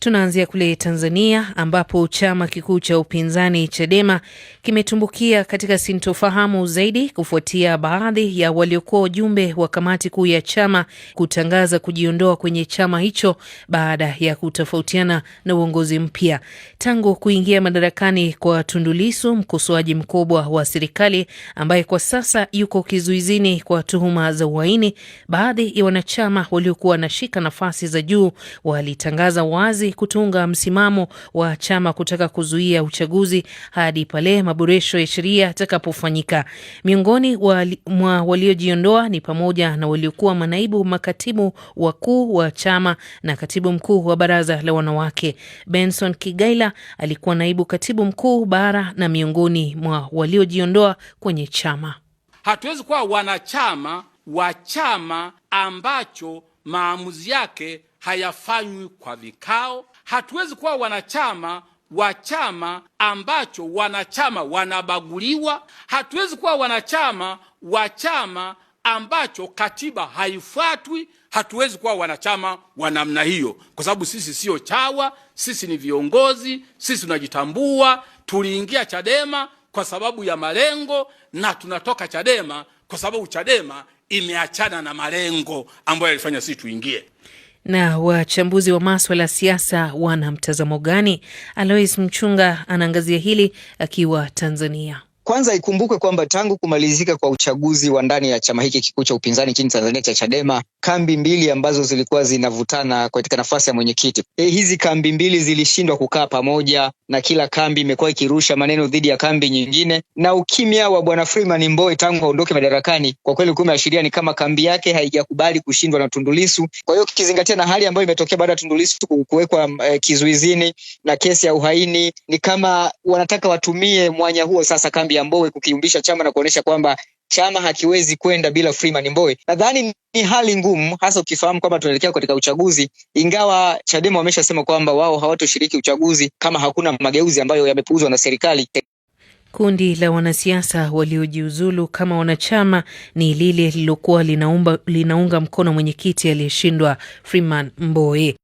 Tunaanzia kule Tanzania ambapo chama kikuu cha upinzani Chadema kimetumbukia katika sintofahamu zaidi kufuatia baadhi ya waliokuwa wajumbe wa kamati kuu ya chama kutangaza kujiondoa kwenye chama hicho baada ya kutofautiana na uongozi mpya. Tangu kuingia madarakani kwa Tundu Lissu, mkosoaji mkubwa wa serikali ambaye kwa sasa yuko kizuizini kwa tuhuma za uhaini, baadhi ya wanachama waliokuwa wanashika nafasi za juu walitangaza wazi kutunga msimamo wa chama kutaka kuzuia uchaguzi hadi pale maboresho ya sheria yatakapofanyika. Miongoni wali, mwa waliojiondoa ni pamoja na waliokuwa manaibu makatibu wakuu wa chama na katibu mkuu wa baraza la wanawake. Benson Kigaila alikuwa naibu katibu mkuu bara na miongoni mwa waliojiondoa kwenye chama. Hatuwezi kuwa wanachama wa chama ambacho maamuzi yake hayafanywi kwa vikao. Hatuwezi kuwa wanachama wa chama ambacho wanachama wanabaguliwa. Hatuwezi kuwa wanachama wa chama ambacho katiba haifuatwi. Hatuwezi kuwa wanachama wa namna hiyo, kwa sababu sisi sio chawa. Sisi ni viongozi, sisi tunajitambua. Tuliingia Chadema kwa sababu ya malengo na tunatoka Chadema kwa sababu Chadema imeachana na malengo ambayo yalifanya sisi tuingie. Na wachambuzi wa maswala ya siasa wana mtazamo gani? Alois Mchunga anaangazia hili akiwa Tanzania. Kwanza ikumbukwe kwamba tangu kumalizika kwa uchaguzi wa ndani ya chama hiki kikuu cha upinzani nchini Tanzania cha Chadema, kambi mbili ambazo zilikuwa zinavutana katika nafasi ya mwenyekiti e, hizi kambi mbili zilishindwa kukaa pamoja, na kila kambi imekuwa ikirusha maneno dhidi ya kambi nyingine, na ukimya wa bwana Freeman Mbowe tangu aondoke madarakani kwa kweli ulikuwa umeashiria ni kama kambi yake haijakubali kushindwa na Tundulisu. Kwa hiyo kikizingatia na hali ambayo imetokea baada ya Tundulisu kuwekwa e, kizuizini na kesi ya uhaini, ni kama wanataka watumie mwanya huo sasa kambi ya Mbowe kukiumbisha chama na kuonyesha kwamba chama hakiwezi kwenda bila Freeman Mbowe. Nadhani ni hali ngumu, hasa ukifahamu kwamba tunaelekea katika uchaguzi, ingawa Chadema wameshasema kwamba wao hawatoshiriki uchaguzi kama hakuna mageuzi ambayo yamepuuzwa na serikali. Kundi la wanasiasa waliojiuzulu kama wanachama ni lile lililokuwa linaunga mkono mwenyekiti aliyeshindwa Freeman Mbowe.